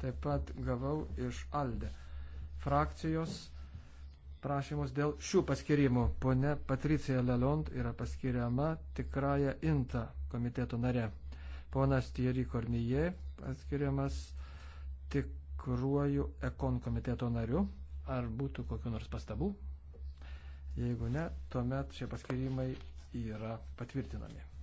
taip pat gavau iš Alde frakcijos prašymus dėl šių paskirimų. Pone Patricija Lelond yra paskiriama tikrąją INTA komiteto nare. Ponas Thierry Kornijė paskiriamas tikruoju ekon komiteto nariu. Ar būtų kokiu nors pastabų? Jeigu ne, tuomet šie paskirimai yra patvirtinami.